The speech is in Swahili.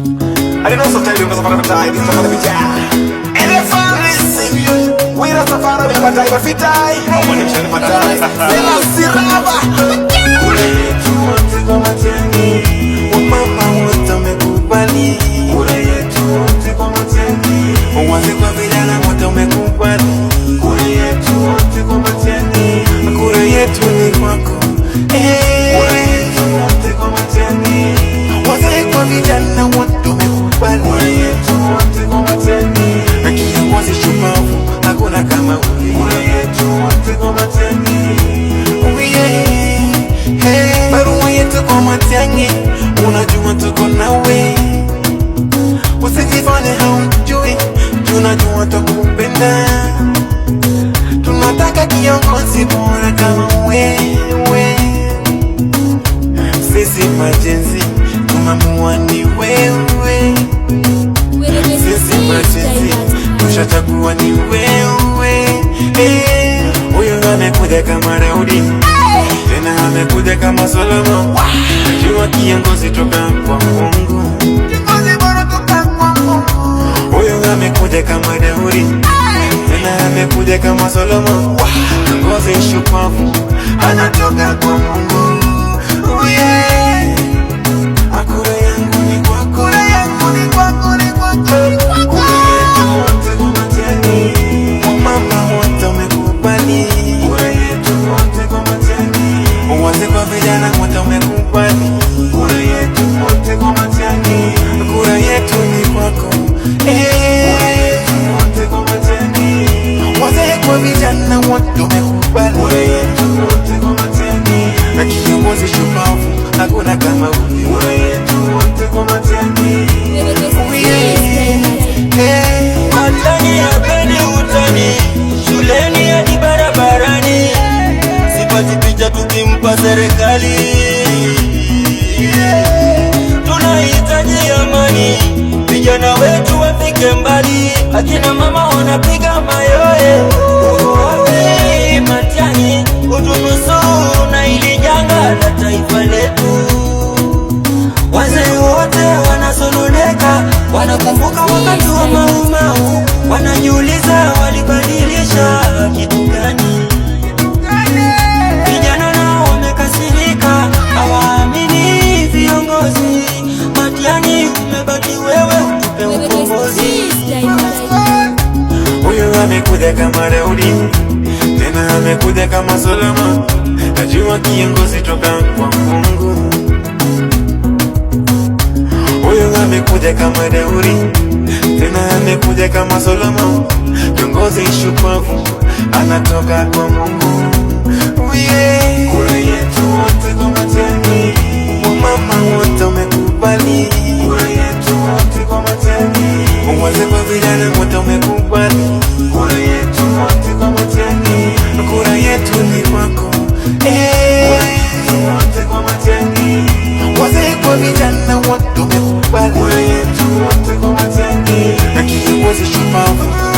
I didn't also tell you because I'm gonna die, this is gonna be yeah. And if I receive you, we don't suffer, we die, but we die. I want to change my die. Then I'll see rubber. kuwa ni wewe. Eh. Huyu hey, amekuja kama Daudi tena amekuja kama Solomon, najua kiongozi toka kwa Mungu. Huyu amekuja kama Daudi tena amekuja kama Solomon, kiongozi shupavu anatoka kwa Mungu. Kiongozi shupavu hakuna kama huyu wote kwa matani eh, ya peni utani shuleni yani barabarani sipati picha tukimpa serikali tunahitaji amani vijana wetu wafike mbali akina mama wanakumbuka wakati wa maumau, wanajiuliza walibadilisha kitu gani? Vijana nao wamekasirika, hawaamini viongozi. Matiani umebaki wewe, utupe ukombozi. Huyo amekuja kama Daudi, tena amekuja kama Solomon, najua kiongozi toka kwa Mungu amekuja kama deuri tena amekuja kama Solomon, kiongozi shupavu anatoka kwa Mungu. Oh yeah. coisas de mal.